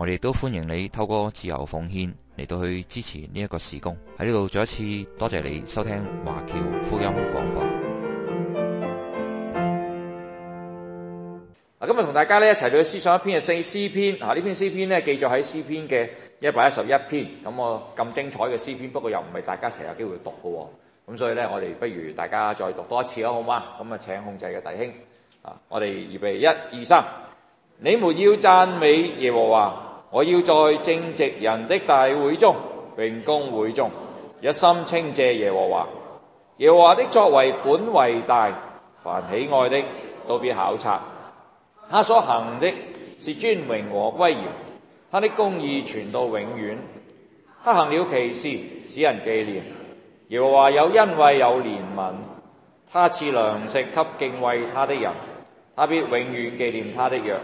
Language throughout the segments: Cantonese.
我哋都歡迎你透過自由奉獻嚟到去支持呢一個事工。喺呢度再一次多謝你收聽華僑福音廣播。嗱，今日同大家咧一齊去思想一篇嘅詩詩篇啊，呢篇詩篇咧記載喺詩篇嘅一百一十一篇。咁我咁精彩嘅詩篇，不過又唔係大家成日有機會讀嘅。咁所以咧，我哋不如大家再讀多一次啦，好嘛？咁啊，請控制嘅弟兄啊，我哋預備一二三，你們要讚美耶和華。我要在正直人的大會中，並公會中，一心稱謝耶和華。耶和華的作為本為大，凡喜愛的都必考察。他所行的是尊榮和威嚴，他的公義傳到永遠。他行了奇事，使人紀念。耶和華有恩惠有憐憫，他賜糧食給敬畏他的人，他必永遠紀念他的約。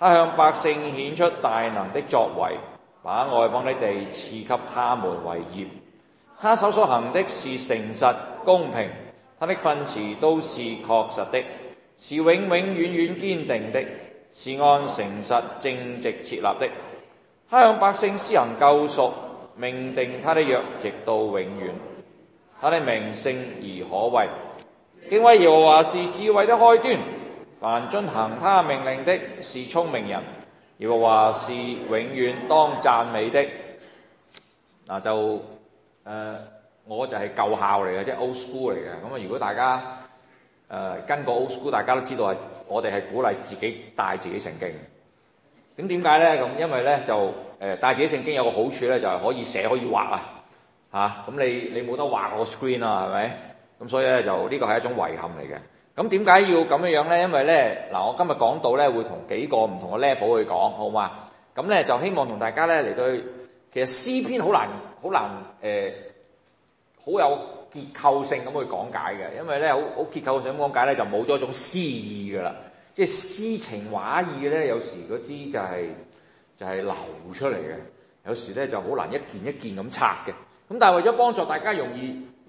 他向百姓顯出大能的作為，把外邦的地賜給他們為業。他手所行的是誠實公平，他的訓詞都是確實的，是永永遠遠遠堅定的，是按誠實正直設立的。他向百姓施行救贖，命定他的約直到永遠。他的名聖而可畏。敬畏耶和華是智慧的開端。凡遵行他命令的是聰明人，耶和華是永遠當讚美的。嗱就誒、呃，我就係舊校嚟嘅，即、就、係、是、old school 嚟嘅。咁啊，如果大家誒、呃、跟過 old school，大家都知道係我哋係鼓勵自己帶自己聖經。咁點解咧？咁因為咧就誒、呃、帶自己聖經有個好處咧，就係、是、可以寫可以畫啊。吓咁你你冇得畫個 screen 啊，係咪？咁所以咧就呢、這個係一種遺憾嚟嘅。咁點解要咁樣樣咧？因為咧嗱，我今日講到咧，會同幾個唔同嘅 level 去講，好嘛？咁咧就希望同大家咧嚟到，其實詩篇好難，好難誒，好、呃、有結構性咁去講解嘅。因為咧，好好結構性講解咧，就冇咗一種詩意噶啦。即係詩情畫意咧、就是就是，有時嗰啲就係就係流出嚟嘅，有時咧就好難一件一件咁拆嘅。咁但係為咗幫助大家容易。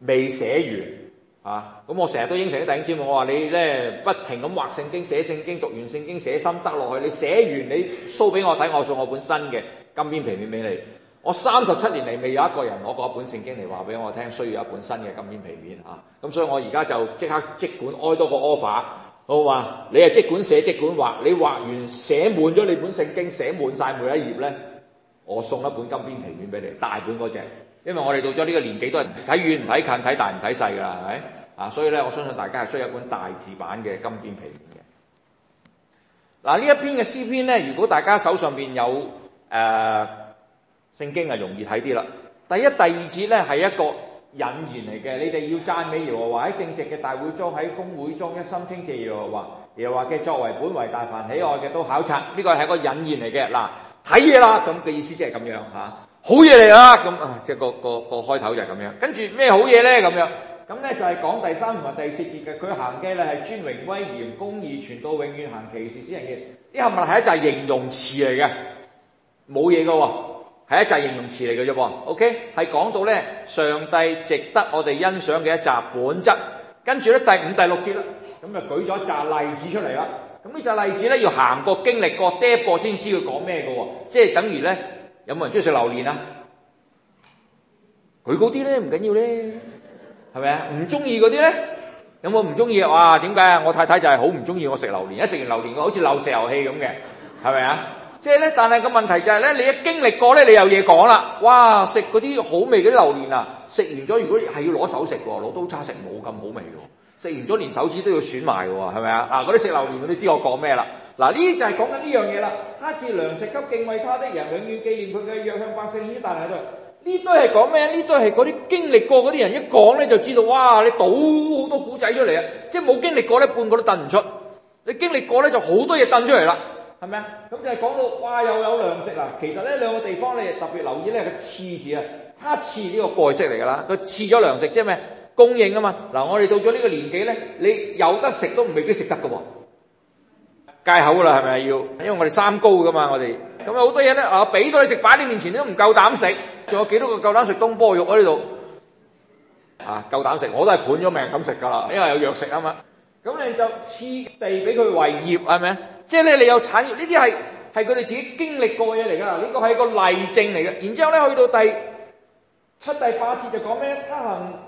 未寫完啊！我成日都應承啲弟兄姊妹我話你不停咁畫聖經、寫聖經、讀完聖經寫心得落去。你寫完你掃畀我睇，我送我本新嘅金邊皮面畀你。我三十七年嚟未有一個人攞過一本聖經嚟話畀我聽，需要一本新嘅金邊皮面啊！咁所以我而家就即刻即管開多個 offer。我話你係即管寫即管畫，你畫完寫滿咗你本聖經寫滿晒每一頁咧，我送一本金邊皮面畀你，大本嗰隻。因為我哋到咗呢個年紀，都係睇遠唔睇近，睇大唔睇細㗎啦，係咪？啊，所以咧，我相信大家係需要一本大字版嘅金邊皮面嘅。嗱，呢一篇嘅詩篇咧，如果大家手上邊有誒聖、呃、經，係容易睇啲啦。第一、第二節咧係一個引言嚟嘅，你哋要讚美耶和華喺正直嘅大會中喺公會中一心稱謝耶和華，耶和華嘅作為本為大，凡喜愛嘅都考察，呢、這個係一個引言嚟嘅。嗱，睇嘢啦，咁嘅意思即係咁樣嚇。啊。好嘢嚟啦！咁啊，即係個個個開頭就係咁樣，跟住咩好嘢咧？咁樣咁咧就係、是、講第三節同第四節嘅，佢行嘅咧係尊榮威嚴公義傳到永遠，行奇事之人嘅。啲後咪係一集形容詞嚟嘅，冇嘢噶喎，係一集形容詞嚟嘅啫噃。OK，係講到咧上帝值得我哋欣賞嘅一集本質，跟住咧第五、第六節啦，咁就舉咗一集例子出嚟啦。咁呢集例子咧要行過經歷過第一步先知佢講咩噶喎，即係等於咧。有冇人中意食榴蓮啊？佢嗰啲咧唔緊要咧，係咪啊？唔中意嗰啲咧，有冇唔中意啊？哇！點解啊？我太太就係好唔中意我食榴蓮，一食完榴蓮佢好似漏石油氣咁嘅，係咪啊？即係咧，但係個問題就係咧，你一經歷過咧，你有嘢講啦。哇！食嗰啲好味嘅啲榴蓮啊，食完咗如果係要攞手食，攞刀叉食冇咁好味嘅。食完咗，連手指都要損埋嘅喎，係咪啊？嗱，嗰啲食榴蓮嗰啲知我講咩啦？嗱，呢就係講緊呢樣嘢啦。他賜糧食給敬畏他的人，永遠記念佢嘅約向百姓呢啲大禮度。呢堆係講咩？呢堆係嗰啲經歷過嗰啲人一講咧，就知道哇！你倒好多古仔出嚟啊！即係冇經歷過咧，半個都掟唔出；你經歷過咧，就好多嘢掟出嚟啦，係咪啊？咁就係講到哇！又有，有糧食啦。其實咧兩個地方你特別留意咧，個賜字啊，他賜呢個蓋式嚟㗎啦，佢賜咗糧食，即咩？.供應啊嘛。嗱，我哋到咗呢個年紀咧，你有得食都未必食得嘅喎，戒口啦，係咪啊？要，因為我哋三高嘅嘛，我哋咁有好多嘢咧啊，俾到你食，擺喺你面前你都唔夠膽食，仲有幾多個夠膽食東坡肉喺呢度啊？夠膽食，我都係判咗命咁食㗎啦，因為有藥食啊嘛。咁你就次地俾佢為業係咪啊？即係咧你有產業，呢啲係係佢哋自己經歷過嘢嚟㗎。呢個係一個例證嚟嘅。然之後咧去到第七第八節就講咩貪行。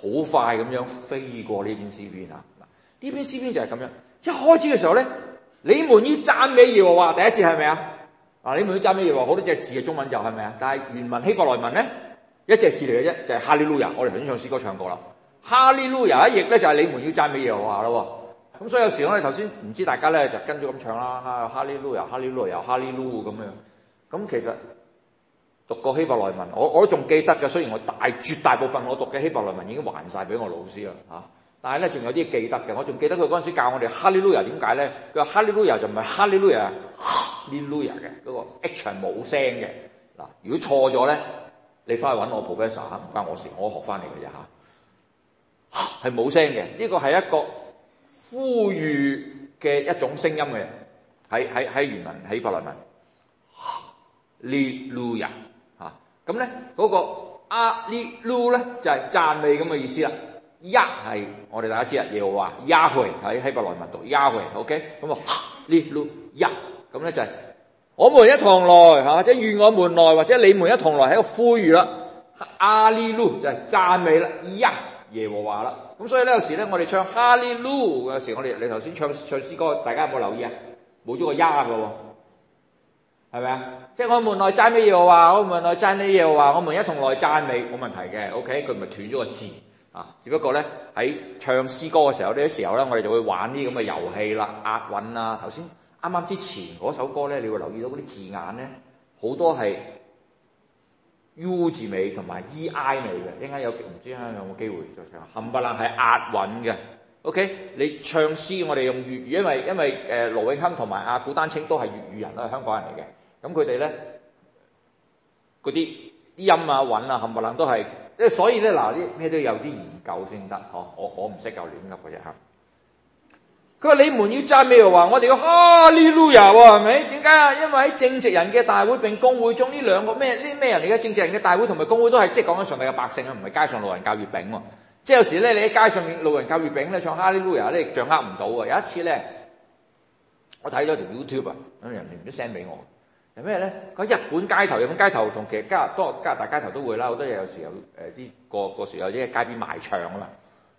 好快咁樣飛過呢邊詩篇啊！嗱，呢邊詩篇就係咁樣。一開始嘅時候咧，是是呢們你們要讚美耶和華，第一節係咪啊？嗱，你們要讚美耶和華，好多隻字嘅中文就係咪啊？但係原文希伯來文咧，一隻字嚟嘅啫，就係哈利路亞。我哋頭先唱詩歌唱過啦，哈利路亞一譯咧就係你們要讚美耶和華咯喎。咁所以有時我哋頭先唔知大家咧就跟住咁唱啦，哈利路亞，哈利路亞，哈利路亞咁樣。咁其實～讀過希伯來文，我我都仲記得嘅。雖然我大絕大部分我讀嘅希伯來文已經還晒俾我老師啦嚇、啊，但係咧仲有啲記得嘅。我仲記得佢嗰陣時教我哋哈利路亞點解咧？佢話哈利路亞就唔係哈利路亞，哈利路亞嘅嗰個 H 係冇聲嘅嗱。如果錯咗咧，你翻去揾我 professor 嚇，唔關我事，我學翻嚟嘅啫嚇。係 冇聲嘅，呢、呢個係一個呼籲嘅一種聲音嘅喺喺喺原文喺希伯來文，哈利路亞。咁咧嗰個阿里路咧就係、是、讚美咁嘅意思啦。一係我哋大家知啦、ah ah OK? 就是就是，耶和華一去喺希伯來文讀一去，OK，咁啊，哈里路一，咁咧就係我們一同來或者願我們來或者你們一同來，係一個呼籲啦。哈里路就係讚美啦，一耶和華啦。咁所以咧有時咧我哋唱哈里路，有時，我哋你頭先唱唱詩歌，大家有冇留意啊？冇咗個一噶喎，係咪啊？即係我門內爭咩嘢？我話我門內爭啲嘢。我話我門一同內爭你，冇問題嘅。OK，佢唔係斷咗個字啊。只不過咧喺唱詩歌嘅時候，呢啲時候咧，我哋就會玩啲咁嘅遊戲啦，押韻啊。頭先啱啱之前嗰首歌咧，你會留意到嗰啲字眼咧，好多係 U 字尾同埋 E I 尾嘅。依家有唔知香港有冇機會再唱？冚唪唥係押韻嘅。OK，你唱詩，我哋用粵語，因為因為誒盧永亨同埋阿古丹青都係粵語人啦，都係香港人嚟嘅。咁佢哋咧，嗰啲音啊、韻啊，冚唪唥都係，即係所以咧嗱啲咩都有啲研究先得嗬，我我唔識夠亂噶。嗰日佢話：你們要讚咩話？我哋要哈利路亞喎，係咪？點解啊？因為喺正直人嘅大會並公會中，呢兩個咩呢咩人嚟嘅？正直人嘅大會同埋公會都係即係講緊上帝嘅百姓啊，唔係街上路人教月餅喎。即係有時咧，你喺街上路人教月餅咧，唱哈利路亞咧，你掌握唔到啊！有一次咧，我睇咗條 YouTube 啊，咁人哋唔知 send 俾我。係咩咧？個日本街頭，日本街頭同其實加多加拿大街頭都會啦。好多嘢有時候，誒啲個個時候有啲街邊賣唱啊嘛，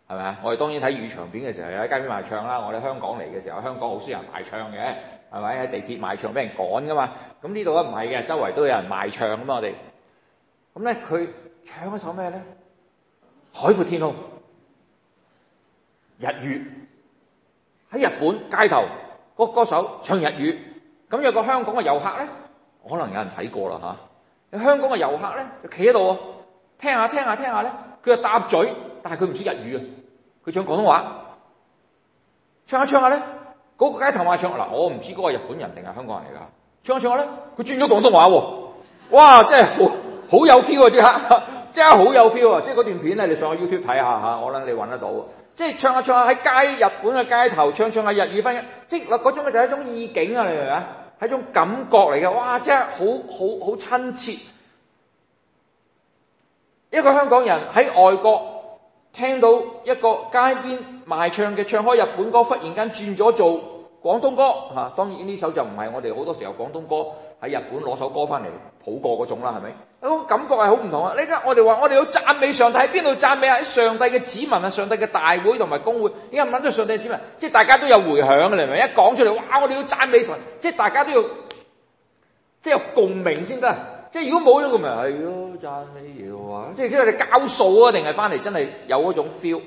係咪啊？我哋當然睇雨場片嘅時候有喺街邊賣唱啦。我哋香港嚟嘅時候，香港好少人賣唱嘅，係咪喺地鐵賣唱俾人趕噶嘛？咁呢度啊唔係嘅，周圍都有人賣唱噶嘛，我哋。咁咧，佢唱一首咩咧？海闊天空，日語喺日本街頭，個歌手唱日語。咁有個香港嘅遊客咧。可能有人睇過啦嚇，香港嘅遊客咧就企喺度聽下聽下聽下咧，佢就搭嘴，但係佢唔識日語啊，佢唱廣東話，唱下唱下咧，嗰個街頭賣唱嗱我唔知嗰個日本人定係香港人嚟㗎，唱下唱下咧佢轉咗廣東話喎，哇真係好有 feel 啊！即刻即刻好有 feel 啊！即係嗰段片咧，你上 YouTube 睇下嚇，我諗你揾得到，即係唱下唱下喺街日本嘅街頭唱唱下日語翻，即係嗰種就係一種意境啊！你明唔明啊～係一種感覺嚟嘅，哇！真係好好好親切，一個香港人喺外國聽到一個街邊賣唱嘅唱開日本歌，忽然間轉咗做廣東歌嚇，當然呢首就唔係我哋好多時候廣東歌喺日本攞首歌翻嚟譜過嗰種啦，係咪？嗰種感覺係好唔同啊！呢家我哋話我哋要讚美上帝，喺邊度讚美啊？喺上帝嘅子民啊，上帝嘅大會同埋公會，依唔諗到上帝嘅子民，即係大家都有迴響，你明唔明？一講出嚟，哇！我哋要讚美神，即係大家都要，即係有共鳴先得。即係如果冇咗佢，咪係咯？讚美嘅話，即係即係你交數啊，定係翻嚟真係有嗰種 feel？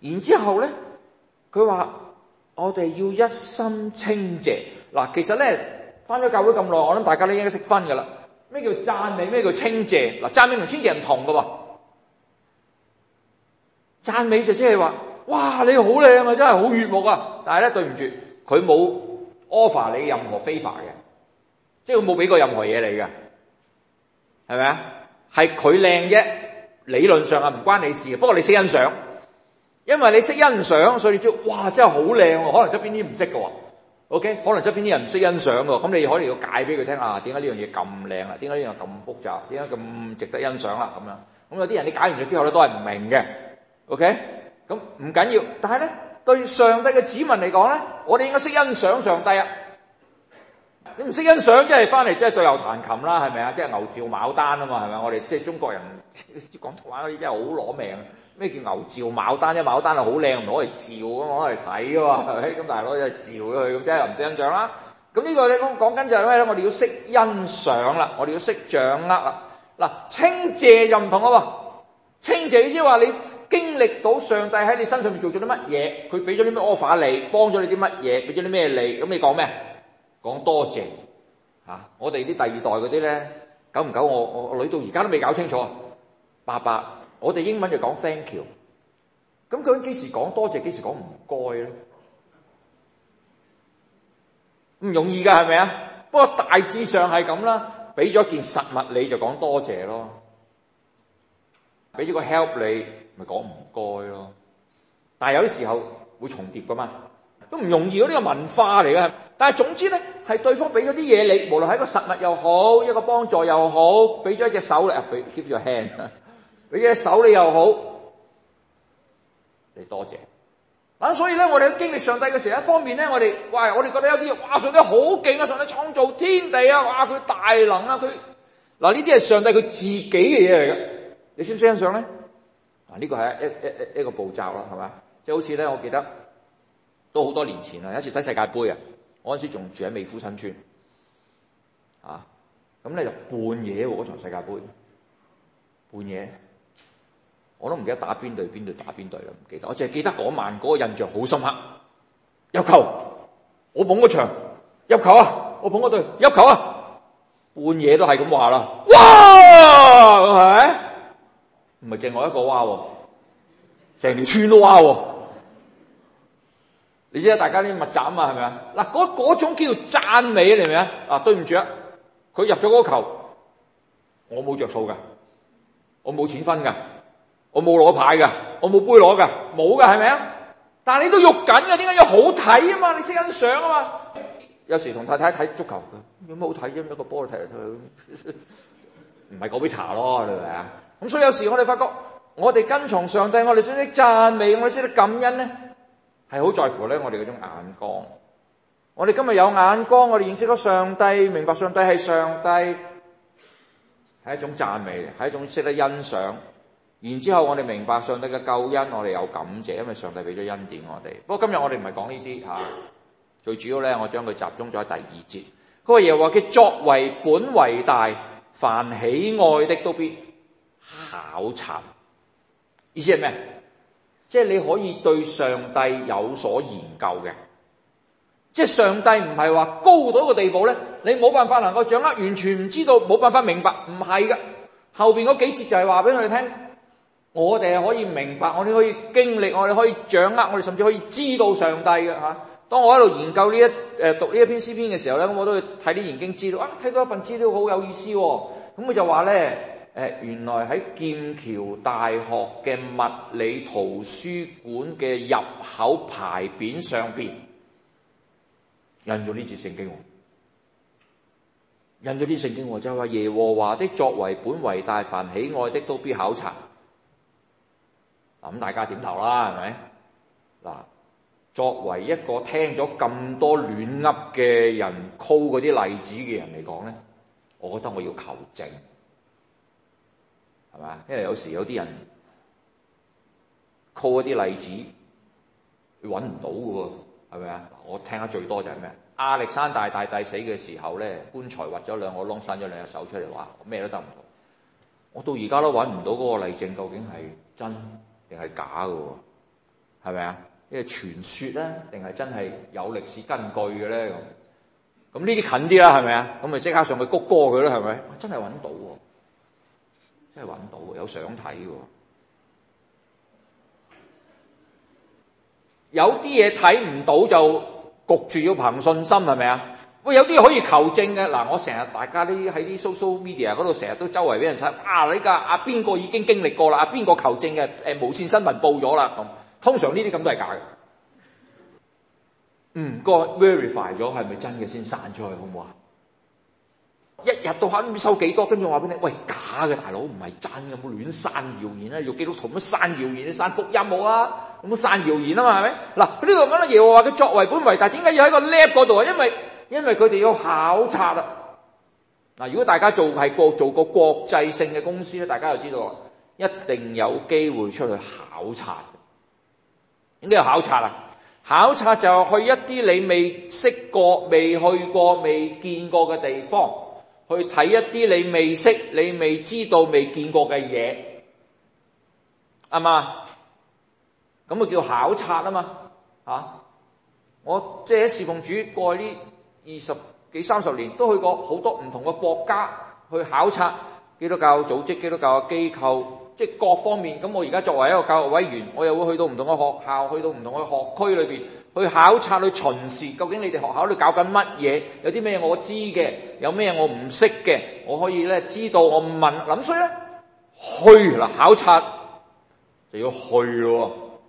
然之後咧，佢話。我哋要一心清淨。其實呢，返咗教會咁耐，我諗大家都應該識分嘅啦。咩叫讚美？咩叫清淨？嗱，讚美和清淨不同清淨唔同嘅喎。讚美就即係話，哇，你好靚啊，真係好悅目啊！但係呢，對唔住，佢冇 offer 你任何非法嘅，即係冇俾過任何嘢你嘅，係咪啊？係佢靚啫，理論上啊唔關你事，不過你識欣賞。因為你識欣賞，所以你知哇，真係好靚喎。可能側邊啲唔識嘅喎，OK？可能側邊啲人唔識欣賞嘅喎，咁你可以要解俾佢聽啊。點解呢樣嘢咁靚啊？點解呢樣咁複雜？點解咁值得欣賞啦？咁樣咁有啲人你解完咗之後，你都係唔明嘅，OK？咁唔緊要。但係咧，對上帝嘅子民嚟講咧，我哋應該識欣賞上帝啊！你唔識欣賞，即係翻嚟即係對牛彈琴啦，係咪啊？即係牛嚼牡丹啊嘛，係咪啊？我哋即係中國人講粗話，真係好攞命。咩叫牛照牡丹？因為牡丹係好靚，攞嚟照啊嘛，攞嚟睇㗎嘛，係咪？咁大佬就照咗佢，咁真係唔識欣賞啦。咁呢個你講講緊就係咩咧？我哋要識欣賞啦，我哋要識掌握啦。嗱，稱謝就唔同咯喎。稱謝意思話你經歷到上帝喺你身上面做咗啲乜嘢，佢俾咗啲咩 offer 你，幫咗你啲乜嘢，俾咗啲咩你，咁你講咩？講多謝嚇。我哋啲第二代嗰啲咧，久唔久我我女到而家都未搞清楚，伯伯。我哋英文就講 thank you，咁究竟幾時講多謝，幾時講唔該咧？唔容易噶係咪啊？不過大致上係咁啦，俾咗件實物你就講多謝咯，俾咗個 help 你咪講唔該咯。但係有啲時候會重疊噶嘛，都唔容易咯。呢個文化嚟嘅。但係總之咧，係對方俾咗啲嘢你，無論係一個實物又好，一個幫助又好，俾咗一隻手嚟，俾 give you a hand。你嘅手你又好，你多謝。咁所以咧，我哋經歷上帝嘅時候，一方面咧，我哋，哇，我哋覺得有啲嘢，哇，上帝好勁啊！上帝創造天地啊，哇，佢大能啊，佢，嗱呢啲係上帝佢自己嘅嘢嚟嘅，你識唔識欣賞咧？嗱，呢個係一、一、一一個步驟啦，係嘛？即係好似咧，我記得都好多年前啦，有一次睇世界杯啊，我嗰時仲住喺美孚新村啊，咁咧就半夜喎，嗰場世界杯，半夜。我都唔記得打邊隊邊隊打邊隊啦，唔記得。我淨係記得嗰晚嗰個印象好深刻。入球，我捧個場。入球啊，我捧個隊。入球啊，半夜都係咁話啦。哇，係咪？唔係淨我一個哇，成條村都哇。你知啦，大家啲密集啊嘛，係咪啊？嗱，嗰嗰種叫讚美係咪啊？啊，對唔住啊，佢入咗嗰球，我冇着數噶，我冇錢分噶。我冇攞牌嘅，我冇杯攞嘅，冇嘅係咪啊？但係你都喐緊嘅，點解要好睇啊嘛？你識欣賞啊嘛。 有時同太太睇足球，有冇好睇？咁一個波睇嚟睇去？唔係嗰杯茶咯，你咪？嘛？咁所以有時我哋發覺，我哋跟從上帝，我哋識得讚美，我哋識得感恩咧，係好在乎咧。我哋嗰種眼光，我哋今日有眼光，我哋認識咗上帝，明白上帝係上帝，係一種讚美，係一種識得欣賞。然之後，我哋明白上帝嘅救恩，我哋有感謝，因為上帝俾咗恩典我哋。不過今日我哋唔係講呢啲嚇，些最主要咧，我將佢集中咗喺第二節。嗰個嘢話，佢作為本為大，凡喜愛的都必考察。意思係咩？即係你可以對上帝有所研究嘅，即係上帝唔係話高到一個地步咧，你冇辦法能夠掌握，完全唔知道，冇辦法明白，唔係嘅。後邊嗰幾節就係話俾佢聽。我哋可以明白，我哋可以經歷，我哋可以掌握，我哋甚至可以知道上帝嘅。吓、啊。當我喺度研究呢一、誒，讀呢一篇詩篇嘅時候咧，咁我都會睇啲研經資料。啊，睇到一份資料好有意思喎、哦。咁、嗯、佢就話咧，誒、呃，原來喺劍橋大學嘅物理圖書館嘅入口牌匾上邊 印咗呢節聖經，啊、印咗呢節聖經、啊、就話、是、耶和華的作為本為大，凡喜愛的都必考察。咁大家點頭啦，係咪？嗱，作為一個聽咗咁多亂噏嘅人，call 嗰啲例子嘅人嚟講咧，我覺得我要求證，係咪啊？因為有時有啲人 call 一啲例子，你揾唔到嘅喎，係咪啊？我聽得最多就係咩？亞歷山大大帝死嘅時候咧，棺材挖咗兩個窿，伸咗兩隻手出嚟，話我咩都得唔到，我到而家都揾唔到嗰個例證，究竟係真，定係假嘅喎，係咪啊？呢個傳說咧，定係真係有歷史根據嘅咧？咁咁呢啲近啲啦，係咪啊？咁咪即刻上去谷歌佢咯，係咪？真係搵到喎，真係搵到，有相睇喎。有啲嘢睇唔到就焗住要憑信心，係咪啊？喂，有啲可以求證嘅嗱，我成日大家啲喺啲 social media 嗰度成日都周圍俾人散啊！你個啊，邊個已經經歷過啦，啊，邊個求證嘅誒、啊、無線新聞報咗啦。咁通常呢啲咁都係假嘅，嗯，嗰個 verify 咗係咪真嘅先散出去好唔好啊？一日到黑收幾多，跟住我話俾你，喂，假嘅大佬，唔係真嘅，咪亂散謠言啊，做基督徒咪散謠言？你散福音冇啊？咁咪散謠言啊嘛，係咪嗱？呢度講咧，耶和華佢作為本為大，但點解要喺個 lab 嗰度啊？因為因為佢哋要考察啦，嗱，如果大家做係國做個國際性嘅公司咧，大家就知道啦，一定有機會出去考察。點解要考察啊？考察就去一啲你未識過、未去過、未見過嘅地方，去睇一啲你未識、你未知道、未見過嘅嘢，係嘛，咁咪叫考察啊嘛，啊，我即係、就是、侍奉主過呢？二十幾三十年都去過好多唔同嘅國家去考察基督教組織、基督教嘅機構，即各方面。咁我而家作為一個教育委員，我又會去到唔同嘅學校，去到唔同嘅學區裏邊去考察、去巡視。究竟你哋學校你搞緊乜嘢？有啲咩我知嘅，有咩我唔識嘅，我可以咧知道，我唔問諗衰咧去啦考察就要去咯，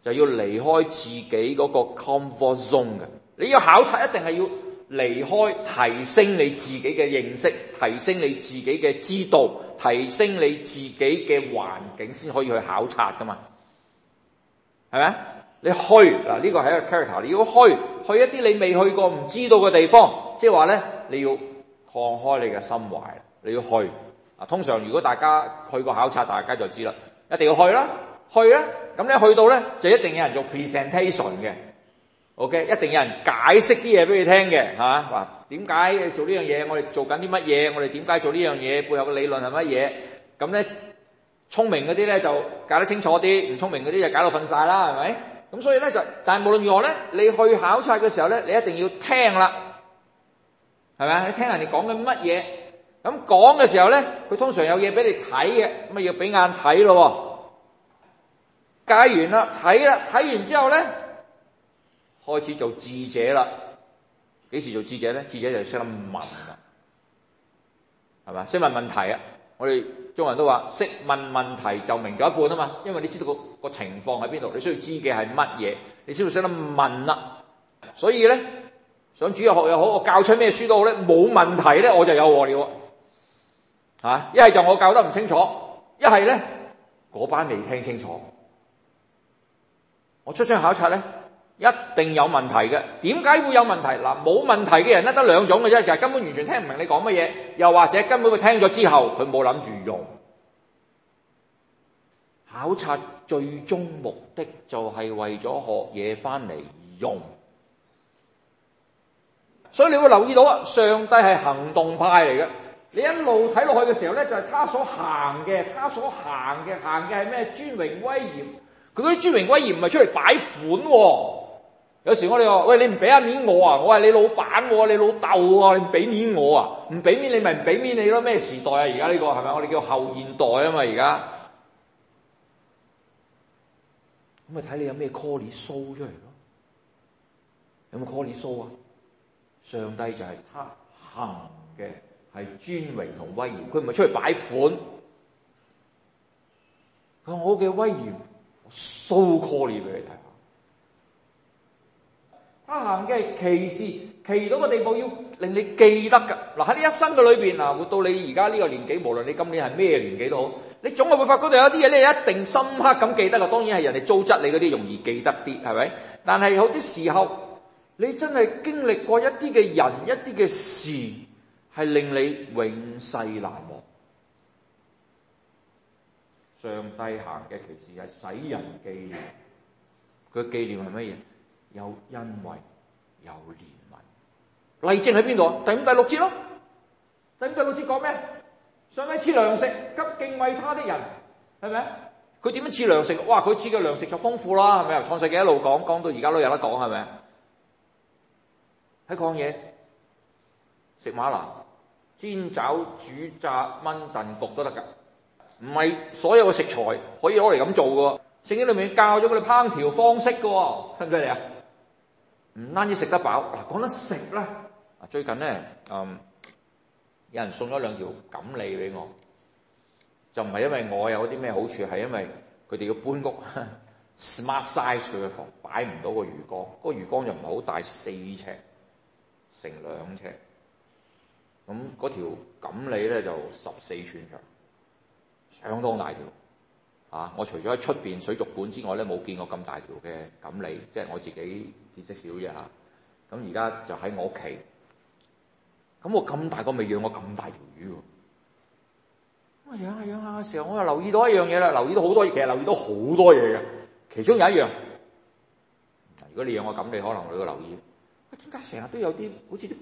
就要離開自己嗰個 comfort zone 嘅。你要考察一定係要。離開，提升你自己嘅認識，提升你自己嘅知道，提升你自己嘅環境先可以去考察噶嘛？係咪？你去嗱呢、這個係一個 character，你要去去一啲你未去過唔知道嘅地方，即係話咧，你要擴開你嘅心懷，你要去啊。通常如果大家去過考察，大家就知啦，一定要去啦，去啦。咁你去到咧就一定有人做 presentation 嘅。OK，一定有人解釋啲嘢俾你聽嘅嚇，話點解做呢樣嘢？我哋做緊啲乜嘢？我哋點解做呢樣嘢？背後嘅理論係乜嘢？咁咧，聰明嗰啲咧就搞得清楚啲，唔聰明嗰啲就搞到瞓曬啦，係咪？咁所以咧就，但係無論如何咧，你去考察嘅時候咧，你一定要聽啦，係咪啊？你聽人哋講緊乜嘢？咁講嘅時候咧，佢通常有嘢俾你睇嘅，咁啊要俾眼睇咯喎。解完啦，睇啦，睇完之後咧。開始做智者啦，幾時做智者咧？智者就識得問啦，係咪？識問問題啊！我哋中文都話，識問問題就明咗一半啊嘛。因為你知道個個情況喺邊度，你需要知嘅係乜嘢，你需要識得問啦。所以咧，想主要學又好，我教出咩書都好咧，冇問題咧，我就有禍了。啊！一係就我教得唔清楚，一係咧嗰班未聽清楚，我出出考察咧。一定有問題嘅，點解會有問題？嗱，冇問題嘅人咧，得兩種嘅啫，其實根本完全聽唔明你講乜嘢，又或者根本佢聽咗之後，佢冇諗住用。考察最終目的就係為咗學嘢返嚟用，所以你會留意到上帝係行動派嚟嘅。你一路睇落去嘅時候咧，就係、是、他所行嘅，他所行嘅，行嘅係咩？尊榮威嚴，佢嗰啲尊榮威嚴唔係出嚟擺款喎。有時我哋話：喂，你唔俾一面我啊！我係你老闆，我你老豆啊！你唔俾，啊、面我啊！唔俾面你咪唔俾面你咯，啊！咩時代啊？而家呢個係咪？我哋叫後現代啊嘛！而家咁咪睇你有咩 call show 出嚟咯？有冇 call show 啊？上帝就係他行嘅係尊榮同威嚴，佢唔係出去擺款。佢我嘅威嚴 show call 俾你睇。他行嘅奇事，奇到個地步，要令你記得噶。嗱，喺呢一生嘅裏邊，活到你而家呢個年紀，無論你今年係咩年紀都好，你總係會發覺到有啲嘢你一定深刻咁記得噶。當然係人哋糟質你嗰啲容易記得啲，係咪？但係有啲時候，你真係經歷過一啲嘅人，一啲嘅事，係令你永世難忘。上帝行嘅奇事係使人紀念，佢紀念係乜嘢？有恩惠，有憐憫。例證喺邊度啊？第五、第六節咯。第五、第六節講咩？上帝賜糧食給敬畏他的人，係咪？佢點樣賜糧食？哇！佢賜嘅糧食就豐富啦，係咪？創世記一路講講到而家都有得講，係咪？喺曠野，食馬蘭、煎炒煮炸燜燉焗都得噶，唔係所有嘅食材可以攞嚟咁做嘅。聖經裏面教咗佢哋烹調方式嘅，犀唔犀利啊？唔單止食得飽，嗱講得食啦，最近咧，嗯，有人送咗兩條錦鯉俾我，就唔係因為我有啲咩好處，係因為佢哋要搬屋 ，smart size 嘅房擺唔到個魚缸，個魚缸又唔係好大，四尺，成兩尺，咁嗰條錦鯉咧就十四寸長，相當大條。啊！我除咗喺出邊水族館之外咧，冇見過咁大條嘅錦鯉，即係我自己見識少啫吓。咁而家就喺我屋企，咁我咁大個未養過咁大條魚喎。我養下養下嘅時候，我又留意到一樣嘢啦，留意到好多嘢。其實留意到好多嘢嘅，其中有一樣。如果你養我錦鯉，可能你會留意。啊，點解成日都有啲好似啲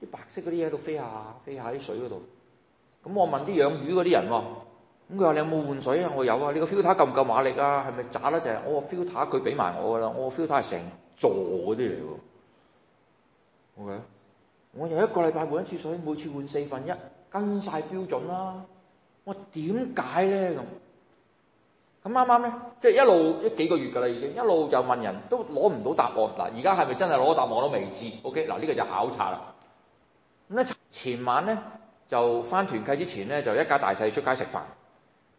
啲白色嗰啲嘢喺度飛下飛下喺水嗰度？咁我問啲養魚嗰啲人喎。嗯。咁佢話你有冇換水啊？我有啊！你個 filter 夠唔夠馬力啊？係咪渣咧？就係、是、我個 filter 佢俾埋我噶啦。我話 filter 係成座嗰啲嚟喎。Okay? 我話我又一個禮拜換一次水，每次換四分一，跟晒標準啦、啊。我話點解咧咁？咁啱啱咧，即係一路一幾個月噶啦已經，一路就問人都攞唔到答案。嗱，而家係咪真係攞答案我都未知？OK，嗱呢個就考察啦。咁咧前晚咧就返團契之前咧就一家大細出街食飯。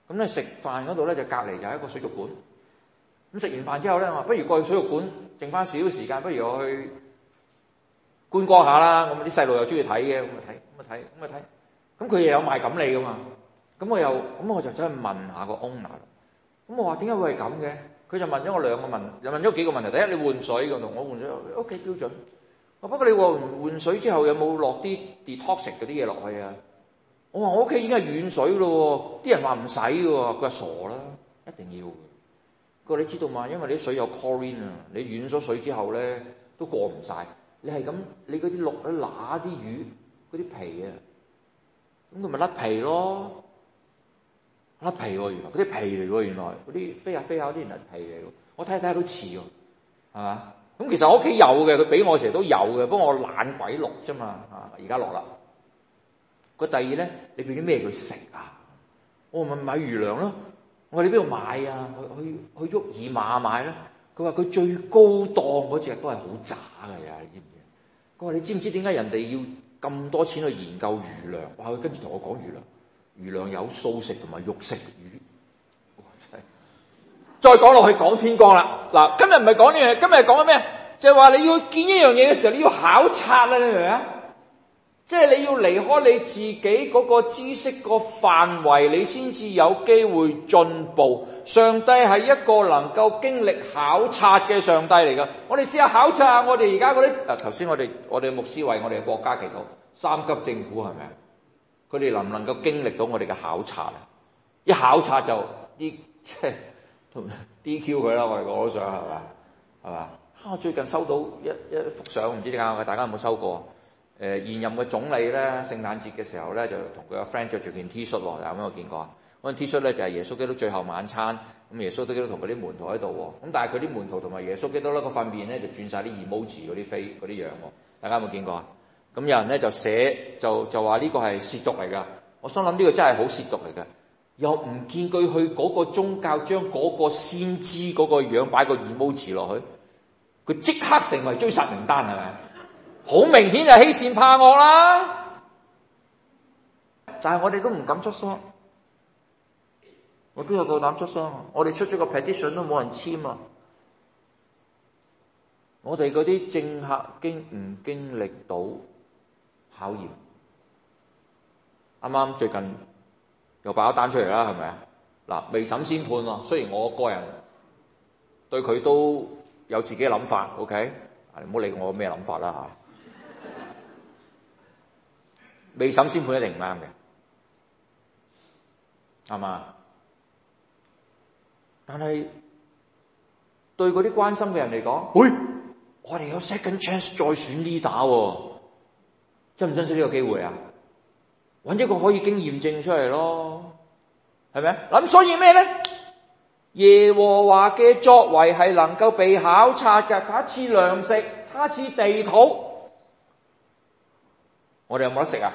咁咧食飯嗰度咧就隔離就係一個水族館。咁食完飯之後咧，我話不如過去水族館，剩翻少少時間，不如我去觀光下啦。咁啲細路又中意睇嘅，咁咪睇，咁咪睇，咁咪睇。咁佢又有賣咁你噶嘛？咁我又，咁我就走去問，問下個 owner。咁我話點解會係咁嘅？佢就問咗我兩個問，又問咗幾個問題。第一，你換水嘅同我，我換水屋企、OK，標準。不過你換換水之後有冇落啲 detoxic 嗰啲嘢落去啊？我話我屋企已經係軟水咯，啲人話唔使嘅喎，佢話傻啦，一定要。佢話你知道嘛？因為你啲水有 chlorine 啊，你軟咗水之後咧都過唔晒。你係咁，你嗰啲落嗰乸啲魚嗰啲皮啊，咁佢咪甩皮咯，甩皮喎原來，嗰啲皮嚟喎原來，嗰啲飛下飛下啲人來皮嚟喎。我睇睇都似喎，係嘛？咁其實我屋企有嘅，佢俾我成日都有嘅，不過我懶鬼落啫嘛，啊而家落啦。佢第二咧，你俾啲咩佢食啊？我咪買魚糧咯，我話你邊度買啊？去去去沃爾瑪買啦，啊。佢話佢最高檔嗰隻都係好渣嘅呀，你知唔知？佢話你知唔知點解人哋要咁多錢去研究魚糧？哇！佢跟住同我講魚糧，魚糧有素食同埋肉食魚。哇！真係，再講落去講天光啦。嗱，今日唔係講呢樣嘢，今日講緊咩？就係、是、話你要見一樣嘢嘅時候，你要考察啦，你明唔明啊？即係你要離開你自己嗰個知識個範圍，你先至有機會進步。上帝係一個能夠經歷考察嘅上帝嚟噶。我哋試下考察下我哋而家嗰啲。啊，頭先我哋我哋牧師為我哋嘅國家祈禱，三級政府係咪？佢哋能唔能夠經歷到我哋嘅考察？一考察就即係同 DQ 佢啦，喂， 我想下係嘛？啊，最近收到一一幅相，唔知點解，大家有冇收過？誒現任嘅總理咧，聖誕節嘅時候咧，就同佢個 friend 着住件 T 恤喎、哦，大家有冇見過啊？嗰件 T 恤咧就係、是、耶穌基督最後晚餐，咁耶穌基督同佢啲門徒喺度喎，咁但係佢啲門徒同埋耶穌基督咧個塊面咧就轉晒啲 emoji 嗰啲飛嗰啲樣喎、哦，大家有冇見過啊？咁有人咧就寫就就話呢個係褻瀆嚟㗎，我心諗呢個真係好褻瀆嚟㗎，又唔見佢去嗰個宗教將嗰個先知嗰個樣擺個 emoji 落去，佢即刻成為追殺名單係咪啊？好明顯就欺善怕惡啦、啊！但係我哋都唔敢出聲。我邊個夠膽出聲啊？我哋出咗個 petition 都冇人簽啊！我哋嗰啲政客經唔經歷到考驗？啱啱最近又爆咗單出嚟啦，係咪啊？嗱，未審先判啊。雖然我個人對佢都有自己嘅諗法，OK？你唔好理我咩諗法啦嚇。未審先判一定唔啱嘅，係嘛吧？但係對嗰啲關心嘅人嚟講，哎、我哋有 second chance 再選 leader 真唔珍惜呢個機會啊？揾一個可以經驗證出嚟咯，係咪啊？咁所以咩呢？耶和華嘅作為係能夠被考察嘅，他賜糧食，他賜地土，我哋有冇得食啊？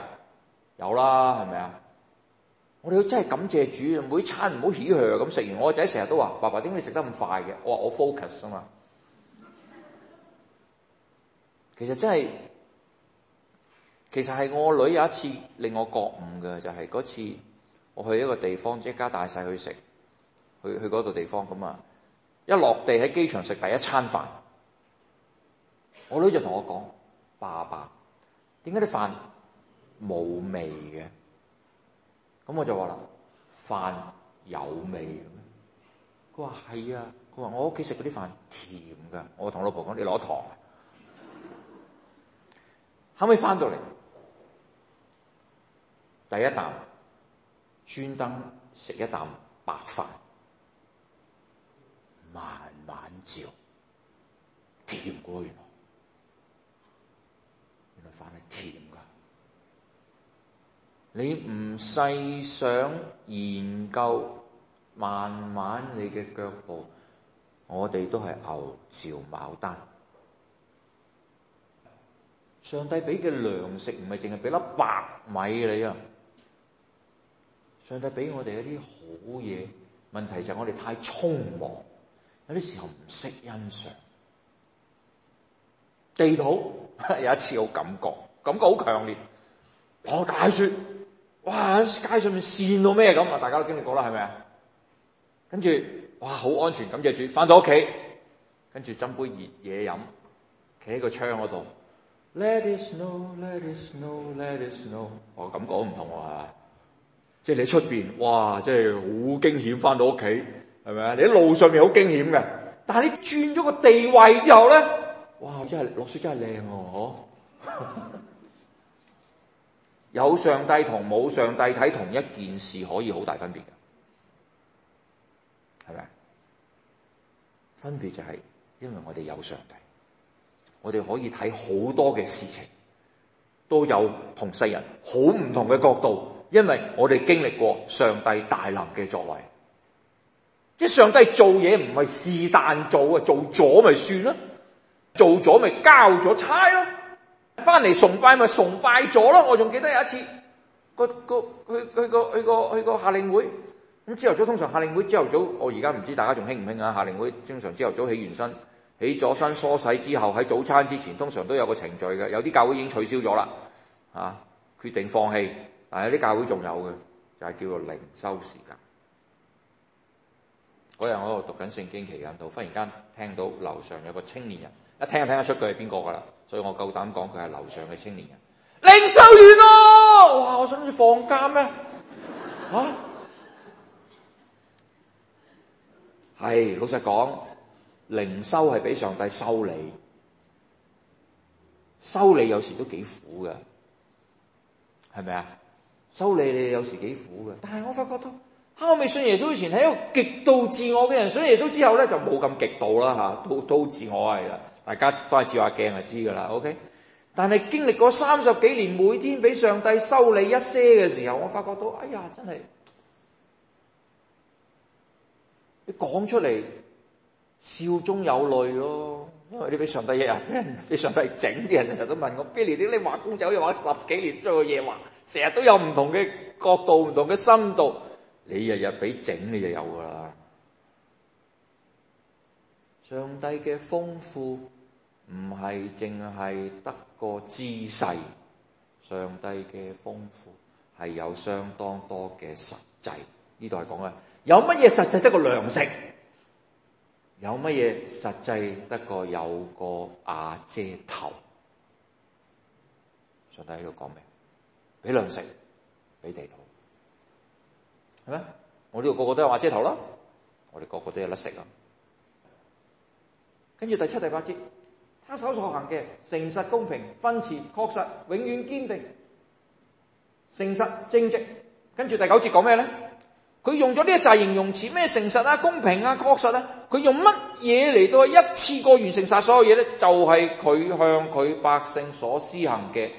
有啦，係咪啊？我哋都真係感謝主，每餐唔好起佢咁食完。我仔成日都話，爸爸點解，你食得咁快嘅？我話我 focus 啊嘛。其實真係，其實係我女有一次令我覺悟嘅，就係嗰次我去一個地方，一家大細去食，去去嗰度地方咁啊。一落地喺機場食第一餐飯，我女就同我講，爸爸，點解啲飯？冇味嘅，咁我就話啦，飯有味嘅，佢話係啊，佢話我屋企食嗰啲飯甜噶，我同老婆講你攞糖啊。 後尾返到嚟第一啖專登食一啖白飯，慢慢嚼，甜過原來原來飯係甜。你唔細想研究，慢慢你嘅腳步，我哋都係牛嚼牡丹。上帝俾嘅糧食唔係淨係俾粒白米你啊！上帝俾我哋一啲好嘢，問題就係我哋太匆忙，有啲時候唔識欣賞。地土 有一次好感覺，感覺好強烈，落大雪。哇！喺街上面跣到咩咁啊？大家都經歷過啦，係咪啊？跟住哇，好安全，感謝主。翻到屋企，跟住斟杯熱嘢飲，企喺個窗嗰度。Let it snow, let it snow, let it snow。我感覺都唔同啊？即係你喺出邊，哇！即係好驚險。翻到屋企係咪啊？你喺路上面好驚險嘅，但係你轉咗個地位之後咧，哇！真係落雪真係靚喎，嗬、啊！ 有上帝同冇上帝睇同一件事可以好大分別嘅，係咪？分別就係因為我哋有上帝，我哋可以睇好多嘅事情都有同世人好唔同嘅角度，因為我哋經歷過上帝大能嘅作為。即係上帝做嘢唔係是但做啊，做咗咪算咯，做咗咪交咗差咯。翻嚟崇拜咪，就是，崇拜咗咯！我仲記得有一次，個個去個去個去個去個夏令會，咁朝頭早通常夏令會朝頭早，我而家唔知大家仲興唔興啊！夏令會正常朝頭早起完身，起咗身梳洗之後喺早餐之前，通常都有個程序嘅。有啲教會已經取消咗啦，吓、啊、決定放棄，但係有啲教會仲有嘅，就係、是、叫做靈修時間。嗰日我喺度讀緊聖經期間度，忽然間聽到樓上有個青年人。聽一聽就聽得出佢係邊個噶啦，所以我夠膽講佢係樓上嘅青年人。靈修完咯、啊，哇！我想住放監咩啊？係、啊、老實講，靈修係俾上帝修理，修理有時都幾苦噶，係咪啊？修理你有時幾苦噶，但係我發覺到。嚇！我未信耶穌以前係一個極度自我嘅人，信耶穌之後呢就冇咁極度啦嚇，都都自我係啦。大家翻去照下鏡就知㗎啦。OK，但係經歷過三十幾年，每天俾上帝修理一些嘅時候，我發覺到哎呀，真係你講出嚟，笑中有淚咯。因為你俾上帝日日俾上帝人整，啲人日日都問我 Billy，你畫公仔又畫十幾年，將個嘢畫，成日都有唔同嘅角度、唔同嘅深度，你日日俾整你就有噶啦！上帝嘅豐富唔係淨係得個姿勢，上帝嘅豐富係有相當多嘅實際。呢度係講啊，有乜嘢實際得個糧食？有乜嘢實際得個有個瓦遮頭？上帝喺度講咩？俾糧食，俾地圖。係咩？我呢度個個都有瓦遮頭啦，我哋個個都有得食啊。跟住第七、第八節，他所所行嘅誠實、公平、訓詞、確實、永遠堅定、誠實正直。跟住第九節講咩咧？佢用咗呢一紮形容詞咩？誠實啊，公平啊，確實啊。佢用乜嘢嚟到一次過完成晒所有嘢咧？就係佢向佢百姓所施行嘅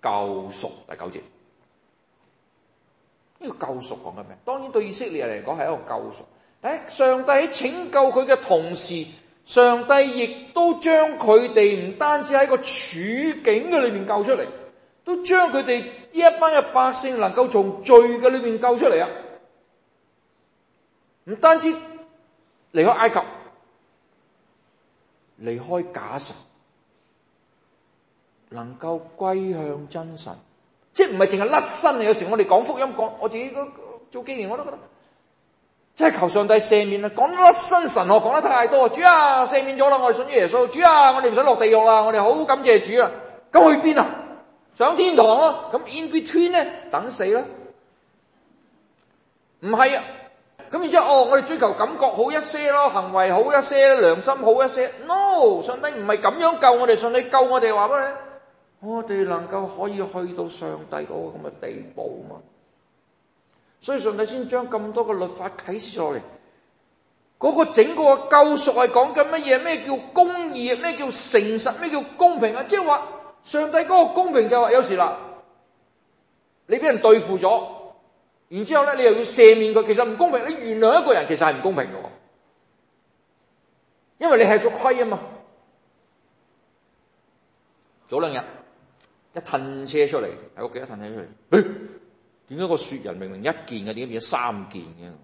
救贖。第九節。呢個救贖講緊咩？當然對以色列人嚟講係一個救贖，但上帝喺拯救佢嘅同時，上帝亦都將佢哋唔單止喺個處境嘅裏面救出嚟，都將佢哋呢一班嘅百姓能夠從罪嘅裏面救出嚟啊！唔單止離開埃及，離開假神，能夠歸向真神。即係唔係淨係甩身啊！有時我哋講福音，講我自己早幾年，我都覺得即係求上帝赦免啦。講甩身神學講得太多，主啊，赦免咗啦！我哋信咗耶穌，主啊，我哋唔使落地獄啦！我哋好感謝主啊！咁去邊啊？上天堂咯！咁 in between 咧，等死啦！唔係啊！咁然之後哦，我哋追求感覺好一些咯，行為好一些，良心好一些。No，上帝唔係咁樣救我哋，上帝救我哋話畀你聽。我哋能夠可以去到上帝嗰個咁嘅地步嘛？所以上帝先將咁多嘅律法啟示落嚟，嗰個整個救贖係講緊乜嘢？咩叫公義？咩叫誠實？咩叫公平啊？即係話上帝嗰個公平就係話有時啦，你俾人對付咗，然之後咧，你又要赦免佢，其實唔公平。你原諒一個人，其實係唔公平嘅，因為你係做虧啊嘛。早兩日。一褪車出嚟喺屋企一褪車出嚟，點解個雪人明明一件嘅，點解變咗三件嘅？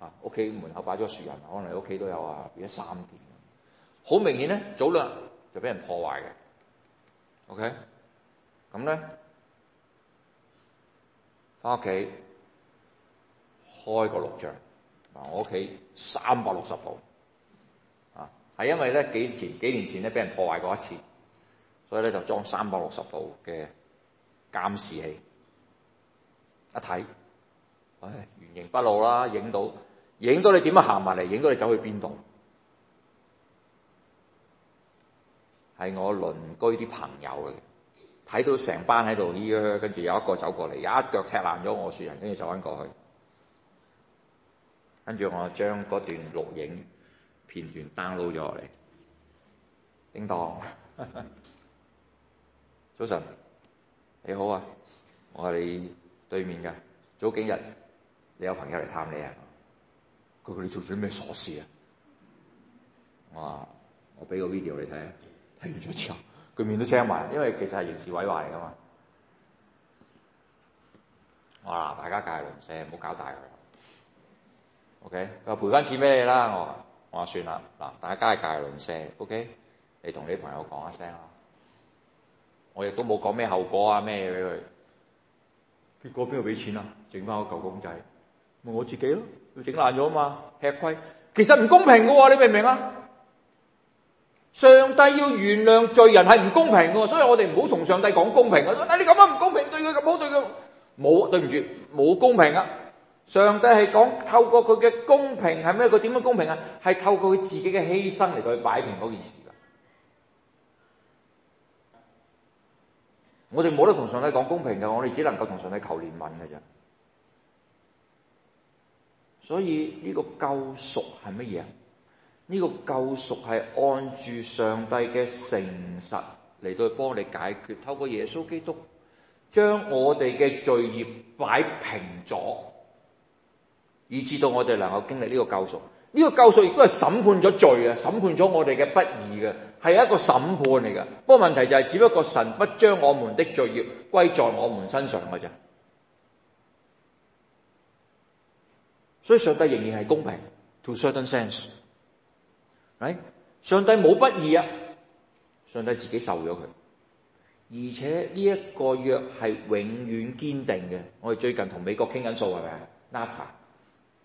啊，屋企門口擺咗個雪人，可能你屋企都有啊，變咗三件，好明顯咧，早兩日就俾人破壞嘅。OK，咁咧翻屋企開個錄像，嗱，我屋企三百六十度啊，係因為咧幾前幾年前咧俾人破壞過一次。所以咧就裝三百六十度嘅監視器，一睇，唉、哎，原形不露啦，影到，影到你點樣行埋嚟，影到你走去邊度，係我鄰居啲朋友嚟，睇到成班喺度依依，跟住有一個走過嚟，有一腳踢爛咗我雪人，跟住走翻過去，跟住我將嗰段錄影片段 download 咗落嚟，叮當。 早晨，你好啊！我係你對面噶。早幾日你有朋友嚟探你，你啊？佢佢哋做咗咩傻事啊？我話我俾個 video 你睇，睇完咗之後啊。佢面都青埋，因為其實係刑事毀壞嚟噶嘛。哇！大家界論射，唔好搞大佢。OK，佢話賠翻錢俾你啦。我我話算啦。嗱，大家係界論射。OK，你同你啲朋友講一聲啦。我亦都冇講咩後果啊咩嘢俾佢，結果邊度俾錢啊？整翻個舊公仔，咪我自己咯，要整爛咗啊嘛，吃虧。其實唔公平㗎喎，你明唔明啊？上帝要原諒罪人係唔公平㗎，所以我哋唔好同上帝講公平啊！你咁樣唔公平，對佢咁好，對佢冇，對唔住，冇公平啊！上帝係講透過佢嘅公平係咩？佢點樣公平啊？係透過佢自己嘅犧牲嚟到去擺平嗰件事。我哋冇得同上帝講公平㗎，我哋只能夠同上帝求憐憫嘅啫。所以呢個救贖係乜嘢啊？呢個救贖係按住上帝嘅誠實嚟到去幫你解決，透過耶穌基督將我哋嘅罪業擺平咗，以致到我哋能夠經歷呢個救贖。呢個教授亦都係審判咗罪啊，審判咗我哋嘅不義嘅，係一個審判嚟㗎。不過問題就係、是，只不過神不將我們的罪孽歸在我們身上嘅啫。所以上帝仍然係公平，to certain sense。哎，上帝冇不義啊，上帝自己受咗佢，而且呢一個約係永遠堅定嘅。我哋最近同美國傾緊數係咪？是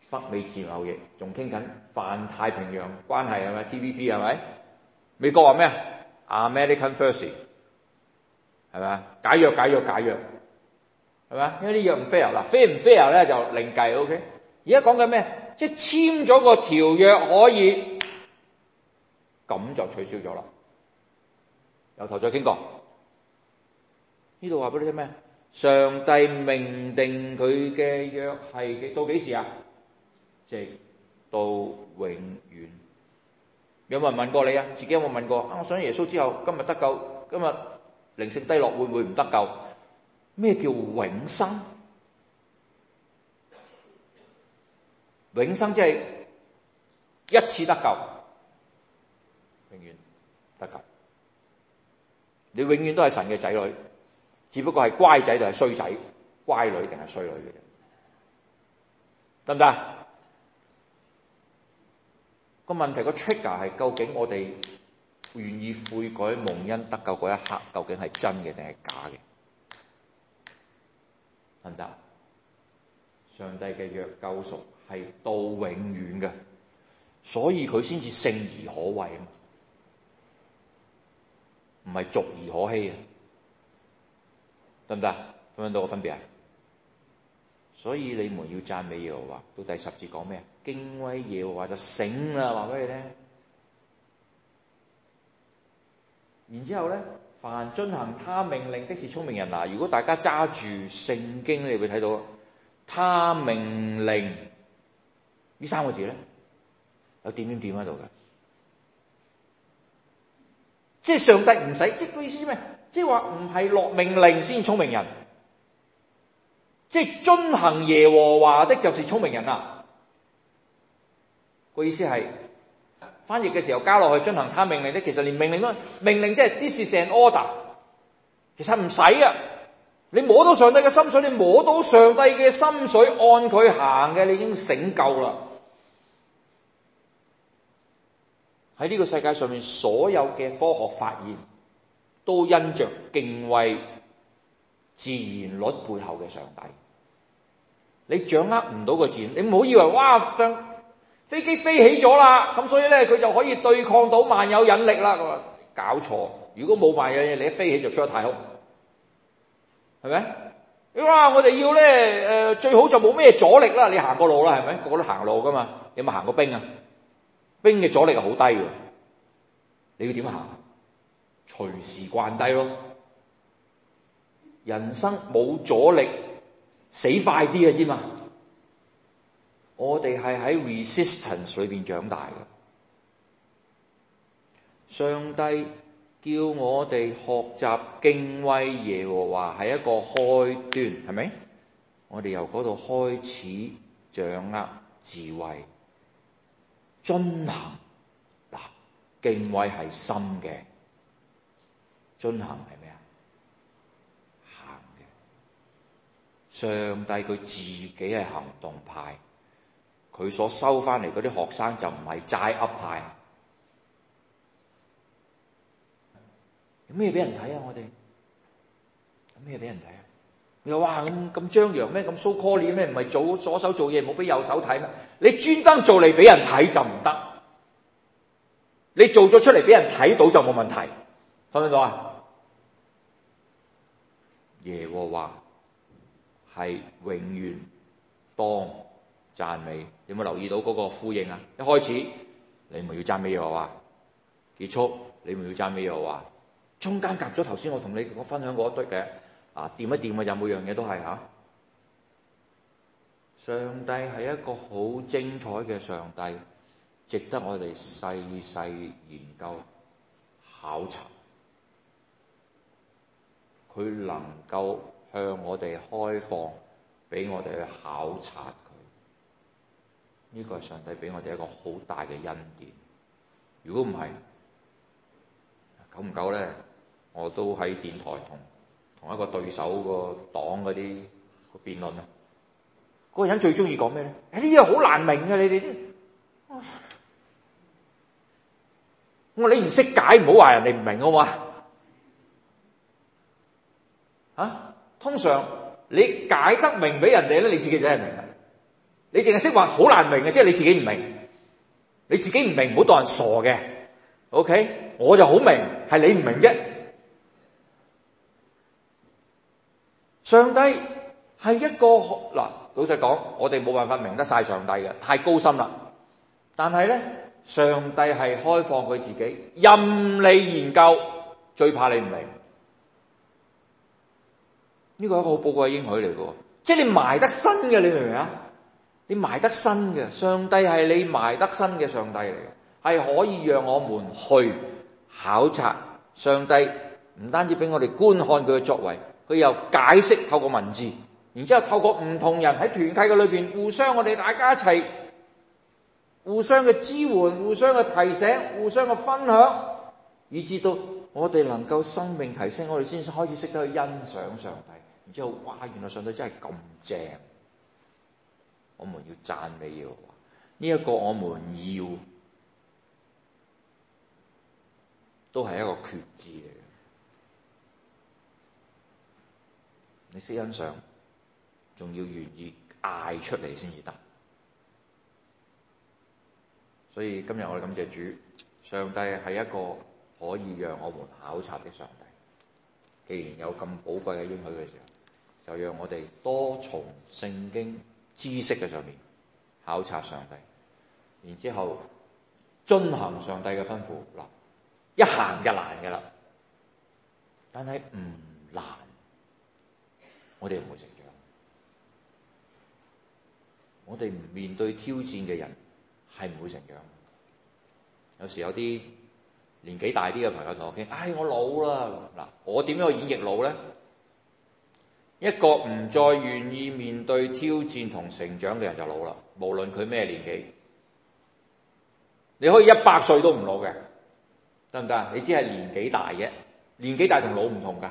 北美自由貿易仲傾緊泛太平洋關係，係咪 TPP 係咪？美國話咩？American First 係咪啊？解約，解約，解約係咪啊？因為啲約唔 fair 嗱，fair 唔 fair 咧就另計 OK。而家講緊咩？即係簽咗個條約可以咁就取消咗啦。由頭再傾過。呢度話俾你聽咩？上帝命定佢嘅約係到幾時啊？直到永遠，有冇人問過你啊？自己有冇問過啊？我信耶穌之後，今日得救，今日靈性低落會唔會唔得救？咩叫永生？永生即係一次得救，永遠得救。你永遠都係神嘅仔女，只不過係乖仔定係衰仔，乖女定係衰女嘅啫，得唔得啊？個問題個 trigger 係究竟我哋願意悔改蒙恩得救嗰一刻，究竟係真嘅定係假嘅？問就上帝嘅約救贖係到永遠嘅，所以佢先至聖而可畏，唔係俗而可欺啊！得唔得？分唔分到個分別？所以你們要讚美耶和華。到第十節講咩？敬畏耶和華就醒啦，話俾你聽。然之後咧，凡遵行他命令的是聰明人。嗱，如果大家揸住聖經，你會睇到，他命令呢三個字咧，有點點點喺度嘅。即係上帝唔使，即係意思咩？即係話唔係落命令先聰明人。即係遵行耶和華的，就是聰明人啦、啊。個意思係翻譯嘅時候加落去，遵行他命令咧，其實連命令都命令即係 This is an order。其實唔使啊，你摸到上帝嘅心水，你摸到上帝嘅心水，按佢行嘅，你已經醒夠啦。喺呢個世界上面，所有嘅科學發現都因着敬畏。自然律背後嘅上帝，你掌握唔到個自然，你唔好以為哇，飛機飛起咗啦，咁所以咧佢就可以對抗到萬有引力啦。我話搞錯，如果冇萬有引力，你一飛起就出咗太空，係咪？你哇！我哋要咧誒、呃，最好就冇咩阻力啦。你行過路啦，係咪？個個都行路噶嘛，有冇行過冰啊？冰嘅阻力係好低㗎，你要點行？隨時慣低咯。人生冇阻力，死快啲啊，知嘛。我哋係喺 resistance 裏邊長大嘅。上帝叫我哋學習敬畏耶和華係一個開端，係咪？我哋由嗰度開始掌握智慧，遵行、啊。敬畏係深嘅，遵行係咩啊？上帝佢自己係行動派，佢所收翻嚟嗰啲學生就唔係齋噏派。有咩俾人睇啊？我哋有咩俾人睇啊？又話咁咁張揚咩？咁 so called 咩？唔係左手做嘢，冇俾右手睇咩？你專登做嚟俾人睇就唔得。你做咗出嚟俾人睇到就冇問題，聽唔聽到啊？耶和華。係永遠當讚美，有冇留意到嗰個呼應啊？一開始你們要讚美我啊，結束你們要讚美我，我啊。中間夾咗頭先我同你分享過一堆嘅啊，掂一掂啊，有每樣嘢都係吓、啊，上帝係一個好精彩嘅上帝，值得我哋細細研究考察，佢能夠。向我哋開放，俾我哋去考察佢。呢個係上帝俾我哋一個好大嘅恩典。如果唔係，久唔久咧，我都喺電台同同一個對手個黨嗰啲個辯論 啊。嗰個人最中意講咩咧？呢啲嘢好難明嘅，你哋啲。我話你唔識解，唔好話人哋唔明啊嘛。啊？通常你解得明俾人哋咧，你自己就真係明啦。你淨係識話好難明嘅，即係你自己唔明。你自己唔明，唔好當人傻嘅。OK，我就好明，係你唔明啫。上帝係一個嗱，老實講，我哋冇辦法明得晒上帝嘅，太高深啦。但係咧，上帝係開放佢自己，任你研究，最怕你唔明。呢個係一個好寶貴嘅應許嚟嘅，即係你埋得身嘅，你明唔明啊？你埋得身嘅，上帝係你埋得身嘅上帝嚟嘅，係可以讓我們去考察上帝。唔單止俾我哋觀看佢嘅作為，佢又解釋透過文字，然之後透過唔同人喺團契嘅裏邊互相，我哋大家一齊互相嘅支援、互相嘅提醒、互相嘅分享，以致到我哋能夠生命提升，我哋先開始識得去欣賞上帝。然之後，哇！原來上帝真係咁正，我們要讚美要呢一個，我們要都係一個決志嚟嘅。你識欣賞，仲要願意嗌出嚟先至得。所以今日我哋感謝主，上帝係一個可以讓我們考察嘅上帝。既然有咁寶貴嘅應許嘅時候，就讓我哋多從聖經知識嘅上面考察上帝，然之後遵行上帝嘅吩咐。嗱，一行就難㗎啦，但係唔難，我哋唔會成長。我哋唔面對挑戰嘅人係唔會成長。有時有啲年紀大啲嘅朋友同我傾，唉、哎，我老啦，嗱，我點樣去演繹老咧？一個唔再願意面對挑戰同成長嘅人就老啦，無論佢咩年紀，你可以一百歲都唔老嘅，得唔得啊？你只係年紀大嘅，年紀大同老唔同噶，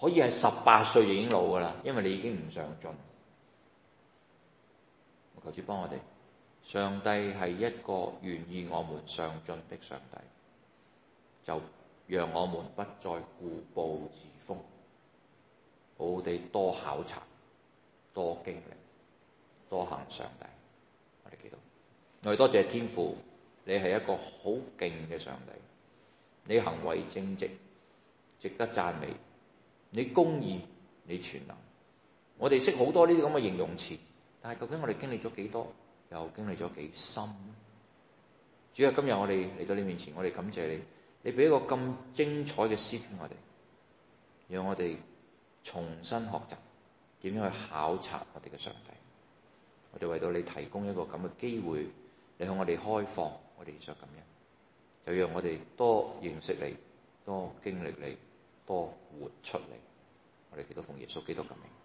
可以係十八歲就已經老噶啦，因為你已經唔上進。我求主幫我哋，上帝係一個願意我們上進的上帝，就讓我們不再固步自。好哋多考察，多經歷，多行上帝。我哋幾多？我哋多謝天父，你係一個好勁嘅上帝，你行為正直，值得讚美。你公義，你全能。我哋識好多呢啲咁嘅形容詞，但係究竟我哋經歷咗幾多？又經歷咗幾深？主要今日我哋嚟到你面前，我哋感謝你，你俾一個咁精彩嘅詩篇我，我哋讓我哋。重新學習，點樣去考察我哋嘅上帝，我哋為到你提供一個咁嘅機會，你向我哋開放，我哋想咁樣，就讓我哋多認識你，多經歷你，多活出嚟。我哋祈禱奉耶穌基督感恩。